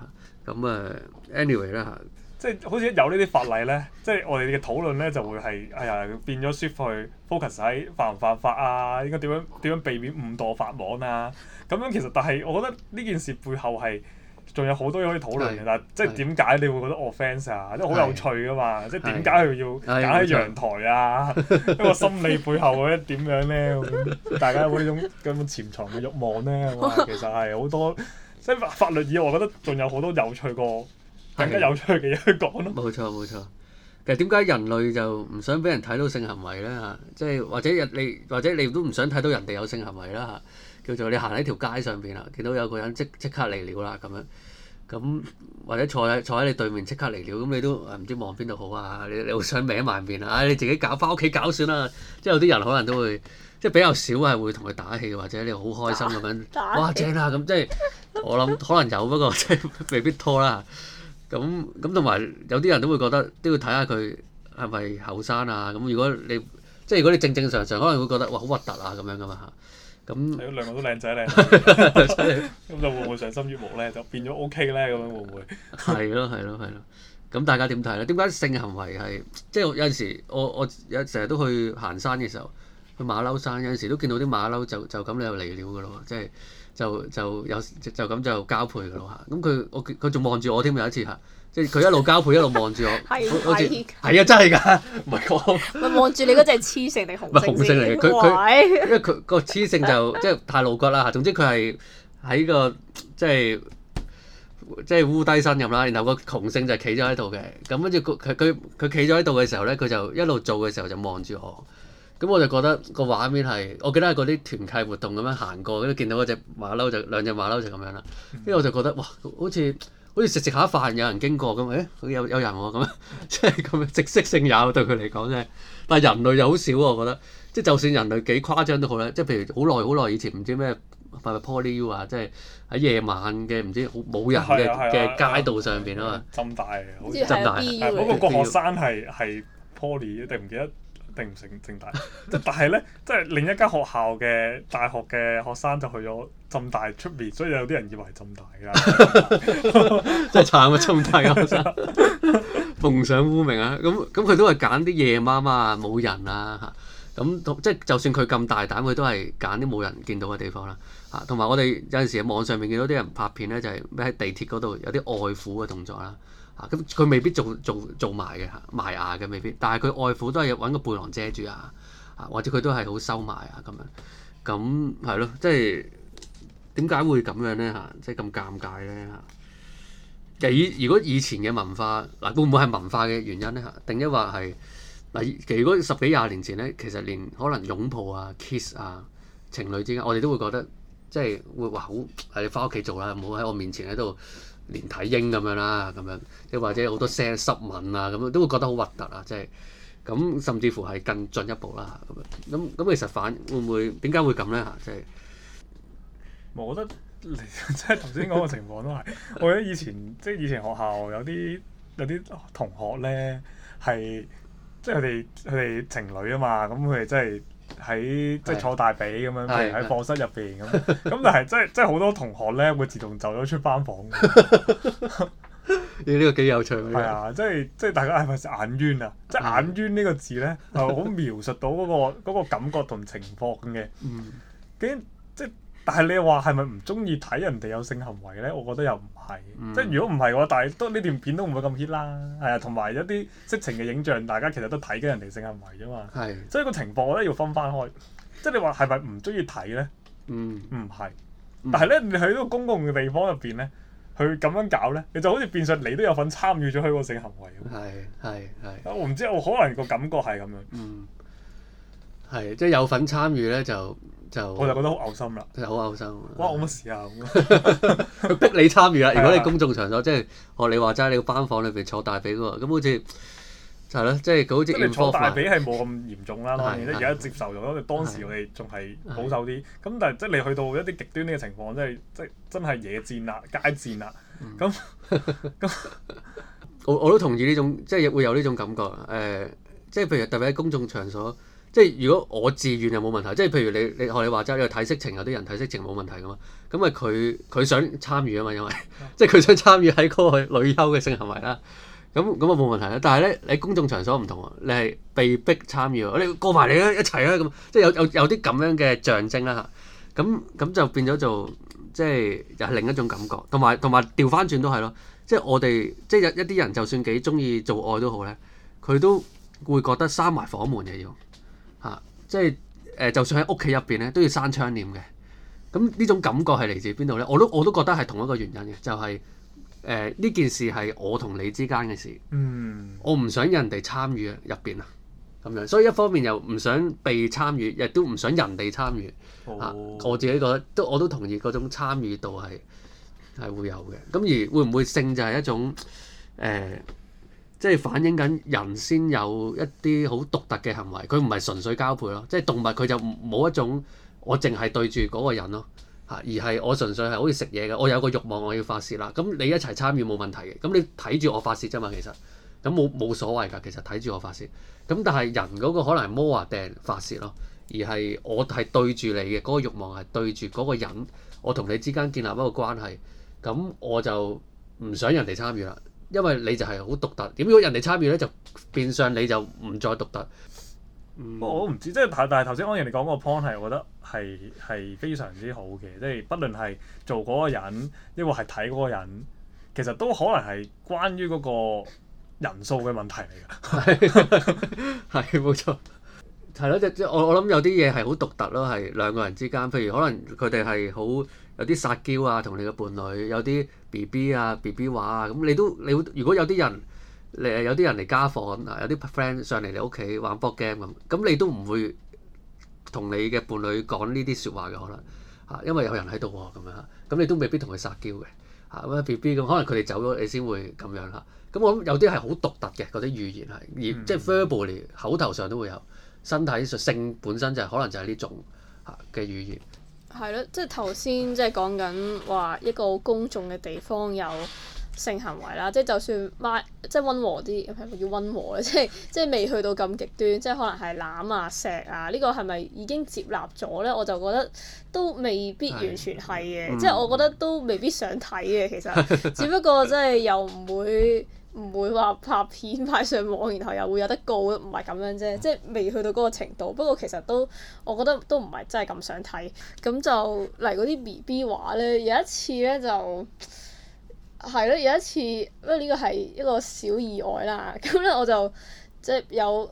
Speaker 1: 咁啊 anyway 啦，即係好似有呢啲法
Speaker 3: 例咧，即係我哋嘅討論咧就會係哎呀變咗 shift focus 喺犯唔犯法啊，應該點樣點樣避免誤墮法網啊？咁樣其實，但係我覺得呢件事背後係。仲有好多嘢可以討論嘅，是但即係點解你會覺得 offence 啊？即係好有趣噶嘛！是即係點解佢要揀喺陽台啊？一個心理背後嘅點樣咧？ 大家有冇呢種咁樣潛藏嘅慾望咧？話 其實係好多，即
Speaker 1: 係法律以外，我覺得仲有好多有趣過更加有趣嘅嘢去講咯。冇 錯冇錯，其實點解人類就唔想俾人睇到性行為咧？嚇，即係或者你或者你都唔想睇到人哋有性行為啦？嚇。叫做你行喺條街上邊啊，見到有個人即即刻嚟了啦咁樣，咁或者坐喺坐喺你對面即刻嚟了，咁你都唔知望邊度好啊？你你好想歪埋面啊，哎？你自己搞，返屋企搞算啦。即有啲人可能都會，即比較少係會同佢打氣，或者你好開心咁樣，哇正啊！咁即係我諗可能有，不過即未必拖啦。咁咁同埋有啲人都會覺得都要睇下佢係咪後生啊？咁如果你即如果你正正常常，可能會覺得哇好核突啊咁樣㗎嘛～咁兩、嗯、個都靚仔咧，咁 就會唔會上心越磨咧，就變咗 O K 咧咁樣會唔會？係咯，係咯，係咯，咁大家點睇咧？點解性行為係即係有陣時我，我我有成日都去行山嘅時候，去馬騮山有陣時都見到啲馬騮就就咁又嚟了㗎咯，即係就、就有就咁就交配㗎啦嚇。咁佢我佢仲望住我添啊，有一次嚇。即係佢一路交配一路望住我， 的好似係啊，真係㗎，唔係我。唔
Speaker 2: 係望住你嗰隻雌性定雄性？唔係雄性嚟嘅，佢 因為佢
Speaker 1: 個雌性就 即係太露骨啦嚇。總之佢係喺個即係即係烏低身入啦。然後個雄性就企咗喺度嘅。咁跟住佢佢佢企咗喺度嘅時候咧，佢就一路做嘅時候就望住我。咁我就覺得個畫面係，我記得係嗰啲團契活動咁樣行過，跟住見到嗰隻馬騮就兩隻馬騮就咁樣啦。跟住我就覺得哇，好似～好似食食下飯，有人經過咁，誒，好似有有人喎咁，即係咁，直色性有對佢嚟講真係。但係人類又好少喎，我覺得即係就算人類幾誇張都好啦。即係譬如好耐好耐以前，唔知咩，係咪 PolyU 啊？即係喺夜晚嘅唔知好冇人嘅嘅街道上邊啊嘛，浸大，好似浸大。不過個學
Speaker 3: 生係 Poly 定唔記得？定唔成正大，但係咧，即係另一間學校嘅大學嘅學生就去咗浸大出面，所以有啲人以為係浸大
Speaker 2: 嘅，
Speaker 1: 真係慘啊！浸大學生蒙上污名啊！咁咁佢都係揀啲夜媽媽啊，冇人啊嚇，咁即係就算佢咁大膽，佢都係揀啲冇人見到嘅地方啦嚇。同埋我哋有陣時喺網上面見到啲人拍片咧，就係喺地鐵嗰度有啲愛撫嘅動作啦、啊。咁佢未必做做做埋嘅嚇，埋牙嘅未必。但係佢外父都係有揾個背囊遮住啊，或者佢都係好收埋啊咁樣。咁係咯，即係點解會咁樣咧嚇？即係咁尷尬咧嚇。其以如果以前嘅文化，嗱會唔會係文化嘅原因咧嚇？定一話係嗱，如果十幾廿年前咧，其實連可能擁抱啊、kiss 啊，情侶之間，我哋都會覺得即係會話好，你翻屋企做啦，唔好喺我面前喺度。連體嬰咁樣啦，咁樣又或者好多聲濕吻啊，咁樣都會覺得好核突啊，即係咁甚至乎係更進一步啦，咁樣咁咁其實反會唔會點解會咁咧？吓，即係
Speaker 3: 我覺得 即係頭先講嘅情況都係， 我覺得以前即係以前學校有啲有啲同學咧係即係佢哋佢哋情侶啊嘛，咁佢哋真係。喺在是即係坐大髀咁樣，譬的如喺課室入邊咁，咁但係即係即係好多同學咧會自動走咗出班房。
Speaker 1: 你呢個幾有趣啊！係啊，即係
Speaker 3: 即係大家係咪眼冤啊？即係的眼冤呢個字咧，係 好描述到嗰、嗰個、嗰個感覺同情況嘅。嗯，兼即係。但係你話係咪唔中意睇人哋有性行為咧？我覺得又唔係，嗯、即係如果唔係嘅話，但係都呢段片都唔會咁 hit 啦。係啊，同埋一啲色情嘅影像，大家其實都睇緊人哋性行為啫嘛。係是。所以個情況我覺得要分翻開，即係你話係咪唔中意睇咧？唔係、嗯，但係咧，你去到公共嘅地方入邊咧，佢咁樣搞咧，你就好似變相你都有份參與咗佢個性行為。
Speaker 1: 係係係。啊，我唔
Speaker 3: 知，我可能個感覺係咁樣。
Speaker 1: 嗯。係，即係有份參與咧就。我就覺得好嘔心啦，其實好嘔心！
Speaker 3: 哇，關我乜事啊咁？佢逼你參與啦。如果你公
Speaker 1: 眾場所，即係學你話齋，你個班房裏邊坐大髀喎，咁好似就係咯，即係佢好似要坐大髀係
Speaker 3: 冇咁嚴重啦。當然咧，而家接受咗，因為當時我哋仲係保守啲。咁但係即係你去到一啲極端啲嘅情況，即係即係真係野戰啦、街戰啦。咁咁，
Speaker 1: 我我都同意呢種，即係會有呢種感覺。誒，即係譬如特別喺公眾場所。即係如果我自願又冇問題，即係譬如你你學你話齋，你睇色情，有啲人睇色情冇問題噶嘛，咁啊佢佢想參與啊嘛，因為 即係佢想參與喺嗰個女優嘅性行為啦。咁咁啊冇問題啦。但係咧，你公眾場所唔同啊，你係被逼參與，你過埋嚟啦，一齊啦咁，即係有有有啲咁樣嘅象徵啦吓，咁，咁就變咗就即係又係另一種感覺，同埋同埋調翻轉都係咯。即係我哋即係一啲人就算幾中意做愛都好咧，佢都會覺得閂埋房門嘅要。即係誒、呃，就算喺屋企入邊咧，都要閂窗簾嘅。咁呢種感覺係嚟自邊度呢？我都我都覺得係同一個原因嘅，就係誒呢件事係我同你之間嘅事。嗯。我唔想人哋參與入邊啊，咁樣。所以一方面又唔想被參與，亦都唔想人哋參與。哦、啊。我自己覺得都我都同意嗰種參與度係係會有嘅。咁而會唔會性就係一種誒？呃即係反映緊人先有一啲好獨特嘅行為，佢唔係純粹交配咯。即係動物佢就冇一種，我淨係對住嗰個人咯，嚇，而係我純粹係好似食嘢嘅，我有個欲望我要發泄啦。咁、嗯、你一齊參與冇問題嘅，咁、嗯、你睇住我發泄啫嘛，其實咁冇冇所謂㗎。其實睇住我發泄，咁、嗯、但係人嗰個可能係摩啊定發泄咯，而係我係對住你嘅嗰、嗰個慾望係對住嗰個人，我同你之間建立一個關係，咁、嗯、我就唔想人哋參與啦。因為你就係好獨特，點解人哋參與咧，就變相你就唔再獨特。嗯、
Speaker 3: 我唔知，即係但係頭先安人哋講個 point 係，我覺得係係非常之好嘅，即係不論係做嗰個人，亦或係睇嗰個人，其實都可能係關於嗰個人數嘅問題嚟
Speaker 1: 嘅。係冇錯，係咯，即係我我諗有啲嘢係好獨特咯，係兩個人之間，譬如可能佢哋係好。有啲撒嬌啊，同你嘅伴侶有啲 B B 啊，B B 話啊，咁你都你如果有啲人誒有啲人嚟家訪啊，有啲 friend 上嚟你屋企玩波 game 咁，咁你都唔會同你嘅伴侶講呢啲説話嘅可能嚇，因為有人喺度喎咁樣，咁你都未必同佢撒嬌嘅嚇咁 B B 咁，咁 BB，咁可能佢哋走咗你先會咁樣啦。咁我諗有啲係好獨特嘅嗰啲語言係，而即係 verbally 口頭上都會有身體性本身就係、係、可能就係呢種嚇嘅語言。
Speaker 2: 係咯，即係頭先即係講緊話一個公眾嘅地方有性行為啦，即係就算崴即係溫和啲，唔係要溫和啊，即係即係未去到咁極端，即係可能係攬啊錫啊，呢、這個係咪已經接納咗咧？我就覺得都未必完全係嘅，嗯、即係我覺得都未必想睇嘅，其實只不過即係又唔會。唔會話拍片擺上網，然後又會有得告，唔係咁樣啫，即係未去到嗰個程度。不過其實都，我覺得都唔係真係咁想睇。咁就例如啲 B B 話呢，有一次呢就係咯，有一次，不過呢個係一個小意外啦。咁呢我就即係有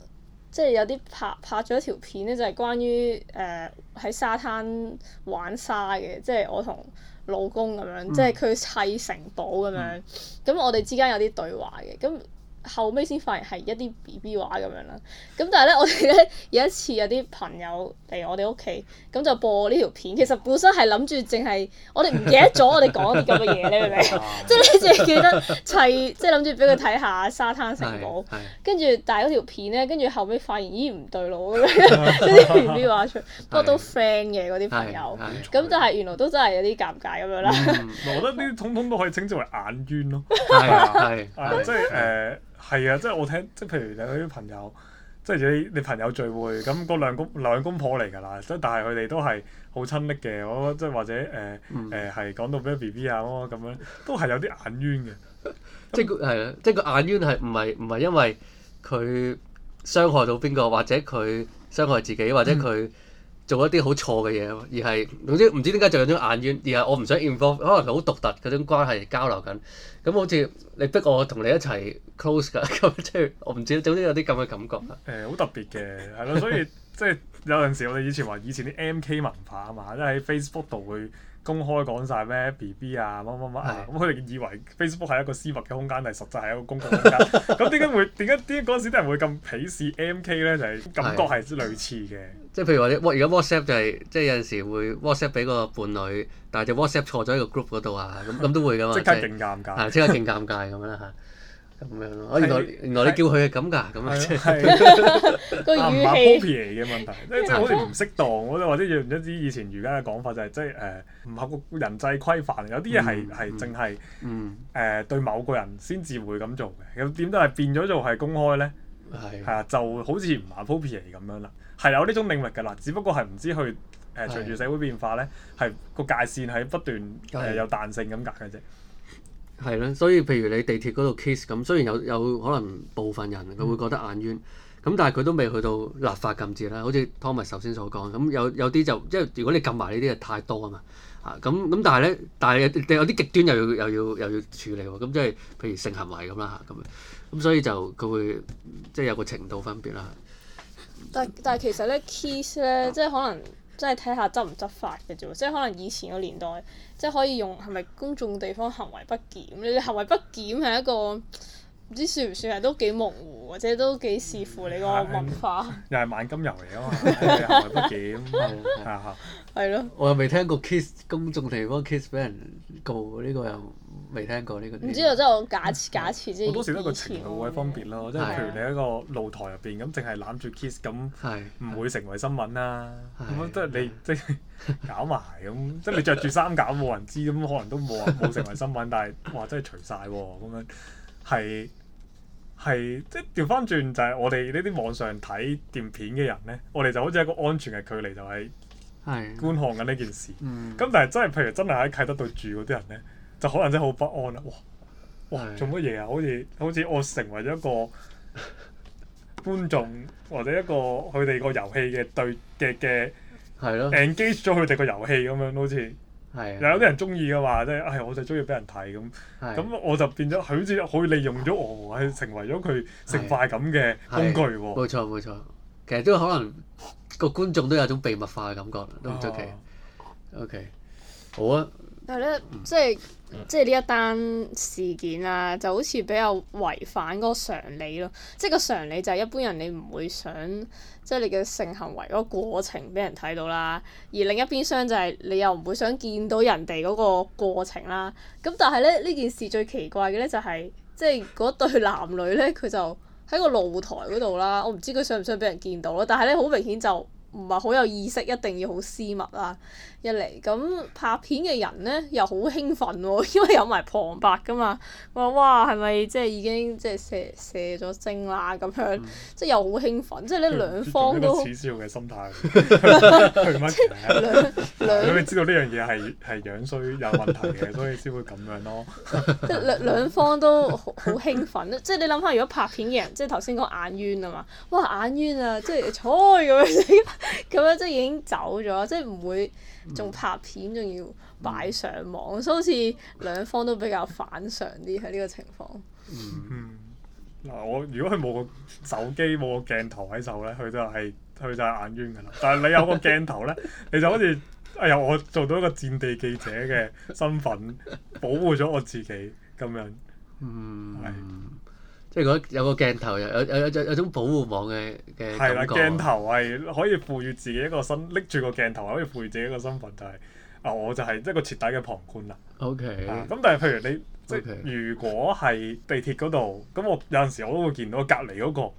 Speaker 2: 即係有啲拍拍咗條片呢，就係、是就是、關於誒喺沙灘玩沙嘅，即係我同。老公咁樣，即係佢砌城堡咁樣，咁、嗯、我哋之間有啲對話嘅，咁。後尾先發現係一啲 B B 話咁樣啦，咁但係咧，我哋咧有一次有啲朋友嚟我哋屋企，咁就播呢條片。其實本身係諗住淨係我哋唔記得咗，我哋講啲咁嘅嘢咧，明唔明？即係你淨係記得砌，即係諗住俾佢睇下沙灘城堡。跟住但係嗰條片咧，跟住後尾發現咦唔對路咁樣，呢啲 B B 話出。不過都 friend 嘅嗰啲朋友，咁就係原來都真係有啲尷尬咁樣啦。
Speaker 3: 我覺得呢啲通通都可以稱之為眼冤咯，係啊，即係誒。係啊，即係我聽，即係譬如你啲朋友，即係你你朋友聚會咁，嗰兩公兩公婆嚟㗎啦，即係但係佢哋都係好親暱嘅，我覺得即係或者誒誒係講到俾 B B 啊，咯，咁樣
Speaker 1: 都係有啲眼冤嘅。即係個係，即係個眼冤係唔係唔係因為佢傷害到邊個，或者佢傷害自己，或者佢、嗯。做一啲好錯嘅嘢，而係總之唔知點解就有種眼冤，而係我唔想 involve，可能好獨特嗰種關係交流緊。咁好似你逼我同你一齊 close 㗎，咁即係我唔知，總之有啲咁嘅感覺。誒、嗯，好、欸、特別嘅，係咯，所以 即係有陣時我哋以前話以前啲
Speaker 3: MK 文化啊嘛，即係喺 Facebook 度會公開講晒咩 B B 啊，乜乜乜啊，咁佢哋以為 Facebook 係一個私密嘅空間，但係實際係一個公共空間。咁點解會點解點嗰陣時啲人會咁鄙視 M K 咧？就係、是、感覺係之類似嘅、
Speaker 1: 就是。即係譬如話你 WhatsApp 就係，即係有陣時會 WhatsApp 俾個伴侶，但係就 WhatsApp 錯咗喺個 group 嗰度啊，咁咁都會噶嘛。 即刻勁尷尬，即刻勁尷尬咁樣啦嚇。咁樣原來是原來你叫佢係咁噶，咁啊
Speaker 3: 即係唔 appropriate 嚟嘅問題，即係 好似唔適當， 或者用一知以前、儒家嘅講法就係即係誒唔合個人際規範，有啲嘢係係淨係誒對某個人先至會咁做嘅，咁點都係變咗做係公開咧，係的啊，就好似唔 appropriate 咁樣啦，係有呢種領域嘅啦，只不過係唔知佢誒、呃、隨住社會變化咧，係個界線係不斷誒、呃、有彈性咁隔嘅啫。
Speaker 1: 係咯，所以譬如你地鐵嗰度 kiss 咁，雖然有有可能部分人佢會覺得眼冤，咁、嗯、但係佢都未去到立法禁止啦。好似 Thomas 頭先所講咁，有有啲就即係如果你禁埋呢啲嘢太多啊嘛，啊咁咁、啊啊，但係咧，但係有啲極端又要又要又要處理喎。咁即係譬如性行為咁啦，咁、啊、咁、啊啊啊啊啊、所以就佢會、嗯、即係有個程度分別啦、啊。但
Speaker 2: 但係其實咧 kiss 咧，即係可能。真係睇下執唔執法嘅啫，即係可能以前個年代，即係可以用係咪公眾地方行為不檢？你你行為不檢係一個唔知算唔算係，都幾模糊，或者都幾視乎你個文化。嗯嗯、
Speaker 1: 又係萬金油嚟啊
Speaker 2: 嘛，
Speaker 3: 行
Speaker 2: 為不檢係
Speaker 1: 咯。我又未聽過 kiss 公眾地方 kiss 俾人告呢、呢個又。未聽過呢個？唔知道，
Speaker 2: 真係假假設啫，好多時都係個情緒
Speaker 1: 嗰方面咯，即係譬如你喺
Speaker 3: 個露台入邊咁，淨係攬住 kiss 咁，唔會成為新聞啦。咁即係你即係搞埋咁，即係你着住衫搞，冇人知咁，可能都冇冇成為新聞。但係哇，真係除晒喎咁樣，係係即係調翻轉就係我哋呢啲網上睇電片嘅人咧，我哋就好似一個安全嘅距離就係觀看緊呢件事。咁但係真係譬如真係喺啟德度住嗰啲人咧。就可能真係好不安啦、啊，哇！哇，做乜嘢啊？好似好似我成為咗一個觀眾，或者一個佢哋個遊戲嘅對嘅嘅，係咯，engage 咗佢哋個遊戲咁樣，好似係的有啲人中意噶嘛，即係係我就中意俾人睇咁，咁的我就變咗佢好似可以利用咗我係成為咗佢成塊咁嘅
Speaker 1: 工具喎。冇錯冇錯，其實都可能個觀眾都有種被物化嘅感覺，都唔出奇。啊、O.K. 好啊。
Speaker 2: 係咧，即係，即係呢一單事件啦、啊，就好似比較違反嗰個常理咯。即係個常理就係一般人你唔會想，即係你嘅性行為嗰個過程俾人睇到啦。而另一邊廂就係你又唔會想見到人哋嗰個過程啦。咁但係咧，呢件事最奇怪嘅咧就係、是，即係嗰對男女咧，佢就喺個露台嗰度啦。我唔知佢想唔想俾人見到咯。但係咧，好明顯就～唔係好有意識，一定要好私密啊！一嚟咁拍片嘅人咧，又好興奮喎、啊，因為有埋旁白噶嘛。我話哇，係咪即係已經了了、啊嗯、即係射射咗精啦？咁樣即係又好興奮，嗯、即係咧兩方都恥
Speaker 3: 笑嘅心態。即係兩兩，佢 知道呢樣嘢係係樣衰有問題嘅，所以先會咁樣咯。
Speaker 2: 即係兩,兩方都好興奮，即係 你諗下，如果拍片嘅人，即係頭先講眼冤啊嘛，哇眼冤啊，即係彩咁樣。 咁樣即係已經走咗，即係唔會仲拍片，仲、嗯、要擺上網，嗯、所以好似兩方都比較反常啲喺呢個情況。
Speaker 3: 嗯，嗱、嗯，我如果佢冇個手機冇、就是、個鏡頭喺手咧，佢就係佢就眼冤㗎喇。但係你有個鏡頭咧，你就好似，哎呀，我做到一個戰地記者嘅身份，保護咗我
Speaker 1: 自己咁樣。嗯。係。即係嗰有個鏡頭，有有有有有種保護網嘅嘅感覺。係啦，鏡頭
Speaker 3: 係可以賦予自己一個身，拎住個鏡頭可以賦予自己一個身份，就係、係、啊，我就係一個徹底嘅旁觀啦。
Speaker 1: O K. 咁但係譬如
Speaker 3: 你即係 okay. 如果係地鐵嗰度，咁我有陣時我都會見到隔離嗰個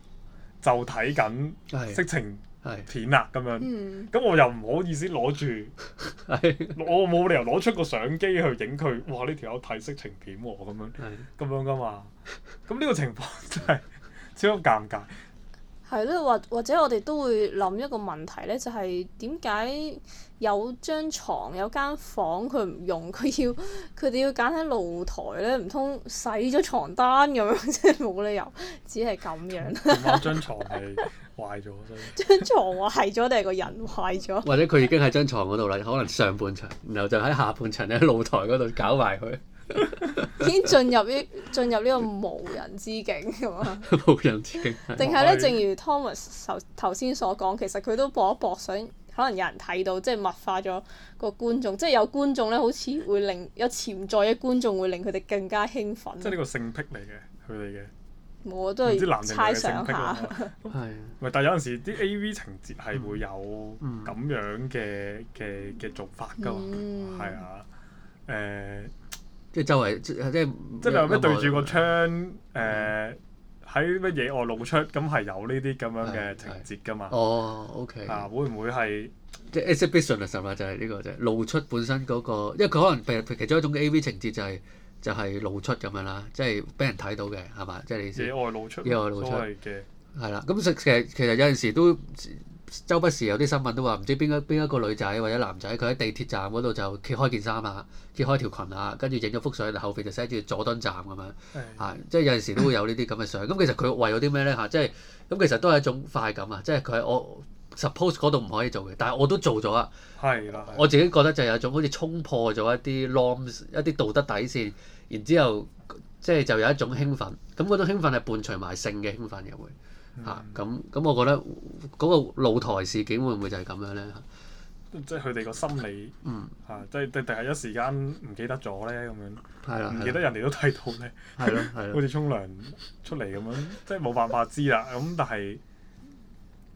Speaker 3: 就睇緊色情。片啊咁樣，咁、嗯、我又唔好意思攞住， 我冇理由攞出個相機去影佢，哇！呢條友睇色情片喎，啊，咁樣咁 樣噶嘛，咁呢個情況真係超尷尬。
Speaker 2: 係咯， 或或者我哋都會諗一個問題咧，就係點解有張床、有間房佢唔用，佢要佢哋要揀喺露台咧？唔通洗咗床單咁 樣，即係冇理由只係咁樣。有張床係。
Speaker 1: 壞
Speaker 3: 咗，
Speaker 2: 所以張床壞咗定係個人壞咗？
Speaker 1: 或者佢已經喺張床嗰度啦， 可能上半場，然後就喺下半場喺露台嗰度搞埋佢，
Speaker 2: 已經進入呢進入呢個無人之境咁啊！
Speaker 1: 無人之境，定係咧？ 正如
Speaker 2: Thomas 頭頭先所講，其實佢都搏一搏，想可能有人睇到，即係物化咗個觀眾，即係有觀眾咧，好似會令有潛在嘅觀眾會令佢哋更加興奮。即係呢個
Speaker 3: 性癖嚟嘅，佢哋嘅。我都係猜想下，係咪？但係有陣時啲 A.V. 情節係會有咁樣嘅嘅嘅做法㗎嘛，係啊，誒，即係
Speaker 1: 周圍即係即係有咩對住個
Speaker 3: 窗誒，喺乜嘢外露出，咁
Speaker 1: 係有呢啲咁樣嘅情節㗎嘛？哦，OK，啊，會唔會係即係 exhibitionism 啊？就係呢個就係露出本身嗰個，因為佢可能譬如其中一種嘅 A.V. 情節就係。就係露出咁樣啦，即係俾人睇到嘅，係嘛？即係你先，野外露出，野外露出嘅係啦。咁其實其實有陣時都周不時有啲新聞都話唔知邊一邊一個女仔或者男仔，佢喺地鐵站嗰度就揭開件衫啊，揭開條裙啊，跟住影咗幅相，後面就寫住佐敦站咁樣的即係有陣時都會有呢啲咁嘅相。咁的其實佢為咗啲咩咧嚇？即係咁其實都係一種快感啊！即係佢喺我 suppose 嗰度唔可以做嘅，但係我都做咗啊。的我自己覺得就有一種好似衝破咗一啲 norm，一啲道德底線。然之後，即係就有一種興奮，咁嗰種興奮係伴隨埋性嘅興奮又會嚇？咁咁、嗯啊、我覺得嗰、嗰個露台事件會唔會就係咁樣咧？即
Speaker 3: 係佢哋個心理，嚇、嗯啊、即係即係一時間唔記得咗咧，咁樣，
Speaker 1: 唔、
Speaker 3: 啊、記得人哋都睇到咧，係咯好似沖涼出嚟咁樣，即係冇辦法知啦。咁但係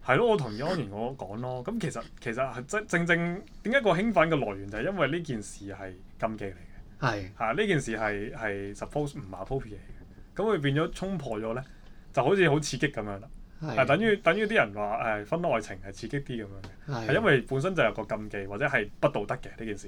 Speaker 3: 係咯，我同意安然我講咯。咁其實其實係即正正點解個興奮嘅來源就係因為呢件事係禁忌嚟。係，嚇呢、啊、件事係係 suppose 唔 appropriate 嘅，咁佢變咗衝破咗咧，就好似好刺激咁樣啦。係的，等於等於啲人話誒、哎、婚外情係刺激啲咁樣，係的的因為本身就有個禁
Speaker 1: 忌或者係不道德嘅呢件事。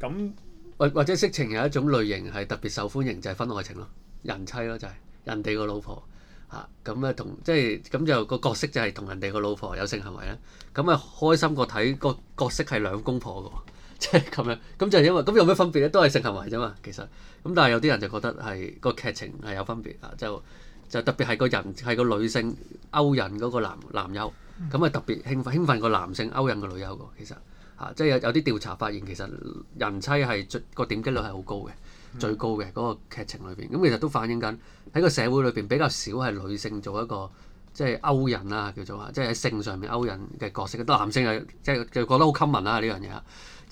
Speaker 1: 咁或或者色情有一種類型係特別受歡迎就係、是、婚外情咯，人妻咯就係、是、人哋個老婆嚇，咁啊同、嗯、即係咁就個角色就係同人哋個老婆有性行為咧，咁啊開心個睇個角色係兩公婆噶即係咁樣，咁就係因為咁有咩分別咧？都係性行為啫嘛，其實咁，但係有啲人就覺得係、個劇情係有分別，別，別啊，就就特別係個人係個女性勾引嗰個男男優，咁啊特別興興奮個男性勾引個女優嘅，其實嚇即係有有啲調查發現，其實人妻係最個點擊率係好高嘅，嗯、最高嘅嗰個劇情裏邊。咁、嗯、其實都反映緊喺個社會裏邊比較少係女性做一個即係勾引啦，叫做啊，即係喺性上面勾引嘅角色，都男性係即係覺得好 common 啦呢樣嘢、啊。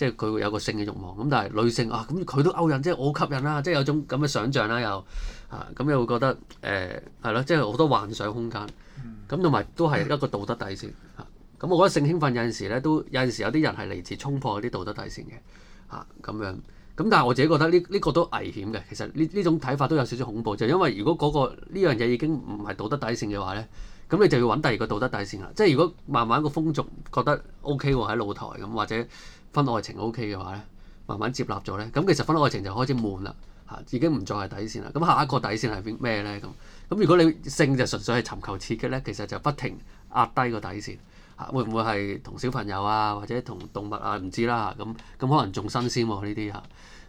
Speaker 1: 即係佢會有個性嘅慾望咁，但係女性啊，咁佢都勾引，即係我吸引啦、啊，即係有種咁嘅想象啦，又啊咁，又會覺得誒係咯，即係好多幻想空間咁，同埋都係一個道德底線嚇。咁、啊嗯嗯嗯、我覺得性興奮有陣時咧，都有陣時有啲人係嚟自衝破嗰啲道德底線嘅嚇咁樣咁、嗯。但係我自己覺得呢呢、呢個都危險嘅。其實呢呢種睇法都有少少恐怖，就因為如果嗰、嗰個呢樣嘢已經唔係道德底線嘅話咧，咁你就要揾第二個道德底線啦。即係如果慢慢個風俗覺得 OK 喎喺露台咁、嗯，或者分愛情 OK 嘅話咧，慢慢接納咗咧，咁其實分愛情就開始悶啦，嚇已經唔再係底線啦。咁下一個底線係咩咧？咁咁如果你性就純粹係尋求刺激咧，其實就不停壓低個底線，嚇會唔會係同小朋友啊或者同動物啊唔知啦嚇咁咁可能仲新鮮喎呢啲嚇，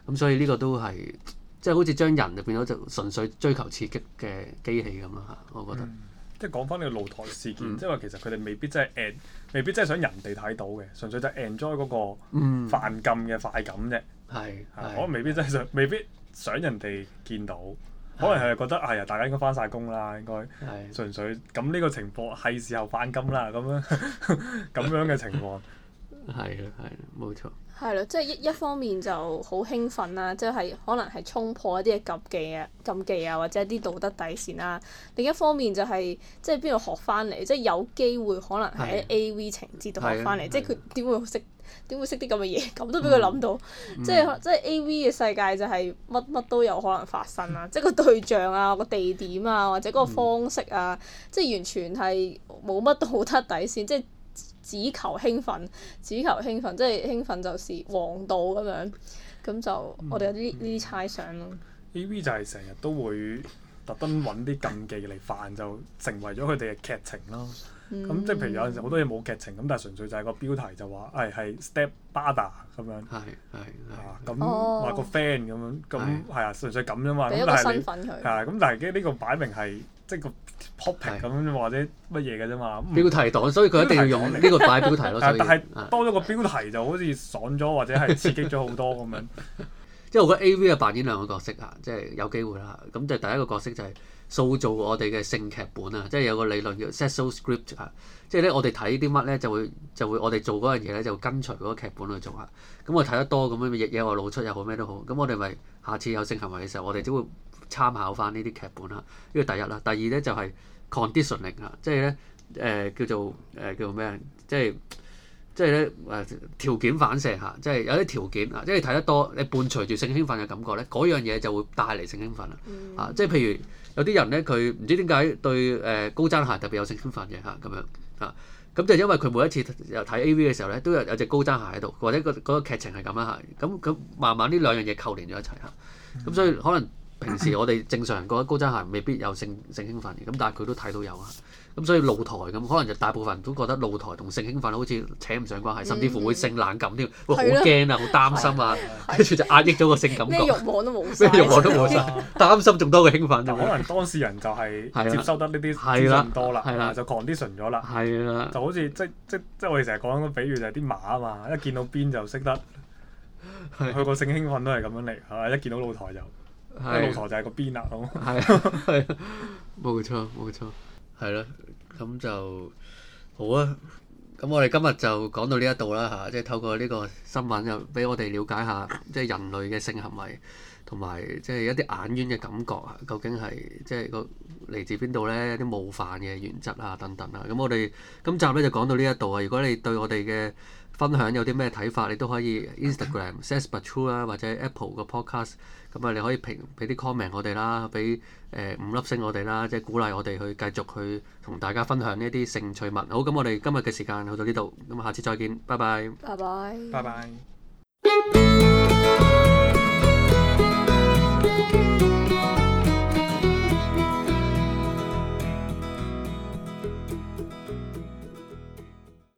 Speaker 1: 咁所以呢個都係即係好似將人就變咗就純粹追求刺激嘅機器咁啊嚇，我覺得。嗯
Speaker 3: 即係講翻你個露台事件，即係話其實佢哋未必真係誒，未必真係想人哋睇到嘅，純粹就 enjoy 嗰個犯禁嘅快感啫。係、嗯，啊、可能未必真係想，未必想人哋見到。是可能係覺得哎呀，大家應該翻晒工啦，應該是純粹咁呢個情況係時候犯禁啦，咁樣咁 樣嘅情況。係啊， 係
Speaker 1: 啊，冇錯。
Speaker 2: 係咯，即係一一方面就好興奮啦，即係可能係衝破一啲嘅禁忌啊、禁忌啊，或者一啲道德底線啦、啊。另一方面就係、是，即係邊度學翻嚟，即係有機會可能喺 A.V. 情節度學翻嚟，即係佢點會識點會識啲咁嘅嘢，咁都俾佢諗到。即係即係 A.V. 嘅世界就係乜乜都有可能發生啦，即係、嗯、個對象啊、個地點啊，或者個方式啊，嗯、即係完全係冇乜道德底線，即係。只求興奮，只求興奮，即係興奮就是王道咁樣，咁就我哋有啲呢啲猜想咯。
Speaker 3: A.V. 就係成日都會特登揾啲禁忌嚟犯，就成為咗佢哋嘅劇情咯。
Speaker 1: 咁、嗯、即係譬如
Speaker 3: 有陣時好多嘢冇劇情，咁但係純粹就係個標題就話，係、哎、係 Step Bada 咁樣。係係啊，咁話、嗯、個 friend 咁樣，咁係啊，是純粹咁啫嘛。俾個身份佢。係咁但係呢呢個擺明係。即個 topic 咁或者乜嘢嘅啫嘛，標題黨，所以佢一定要用呢個大標題咯。但係多咗個標題就好似爽咗或者係刺激咗好多咁樣。
Speaker 1: 即係我覺得 A V 啊扮演兩個角色啊，即係有機會啦。咁就第一個角色就係塑造我哋嘅性劇本啊，即係有個理論叫 sexual script 啊。即係咧我哋睇啲乜咧，就會就會我哋做嗰樣嘢咧，就跟隨嗰個劇本去做啊。咁我睇得多咁樣，又又話露出又好咩都好，咁我哋咪下次有性行為嘅時候，我哋都會。參考翻呢啲劇本啦，呢個第一啦、喔。第二咧就係 conditioning 啊，即係咧誒叫做誒叫做咩？即係即係咧誒條件反射嚇，即係有啲條件啊，即係睇得多，你伴隨住性興奮嘅感覺咧，嗰樣嘢就會帶嚟性興奮啦。啊、嗯，即係譬如有啲人咧，佢唔知點解對誒高踭鞋特別有性興奮嘅嚇，咁樣啊，咁就因為佢每一次有睇 AV 嘅時候咧，都有有隻高踭鞋喺度，或者嗰嗰個劇情係咁樣嚇，咁咁慢慢呢兩樣嘢扣連咗一齊嚇，咁所以可能。平時我哋正常人覺得高踭鞋未必有性性興奮嘅，咁但係佢都睇到有啊。咁所以露台咁，可能就大部分人都覺得露台同性興奮好似扯唔上關係，甚至乎會性冷感添。會，好驚啊，好擔心啊，跟住就壓抑咗個性感覺，咩慾望都冇，咩慾望都冇曬，擔心仲多過興奮。就可能當事人就係接收得呢啲資訊多啦，
Speaker 3: 就 condition 咗啦。係啦，就好似即即即我哋成日講嗰個比喻就係啲馬啊嘛，一見到鞭就識得，佢個性興奮都係咁樣嚟，一見到露台就？喺路頭就係個邊啦，咁
Speaker 1: 係啊，係冇錯冇錯，係咯，咁就好啊。咁我哋今日就講到呢一度啦，吓、啊，即係透過呢個新聞又俾我哋了解下，即係人類嘅性行為同埋即係一啲眼冤嘅感覺啊，究竟係即係個嚟自邊度咧？一啲冒犯嘅原則等等啊，等等啊。咁我哋今集咧就講到呢一度啊。如果你對我哋嘅分享有啲咩睇法，你都可以 Instagram says Okay. but true 啦，或者 Apple 個 podcast。咁啊，你可以評俾啲 comment 我哋啦，俾誒、呃、五粒星我哋啦，即係鼓勵我哋去繼續去同大家分享呢啲興趣物。好，咁我哋今日嘅時間去到呢度，咁下次再見，拜拜。
Speaker 2: 拜拜。
Speaker 1: 拜拜。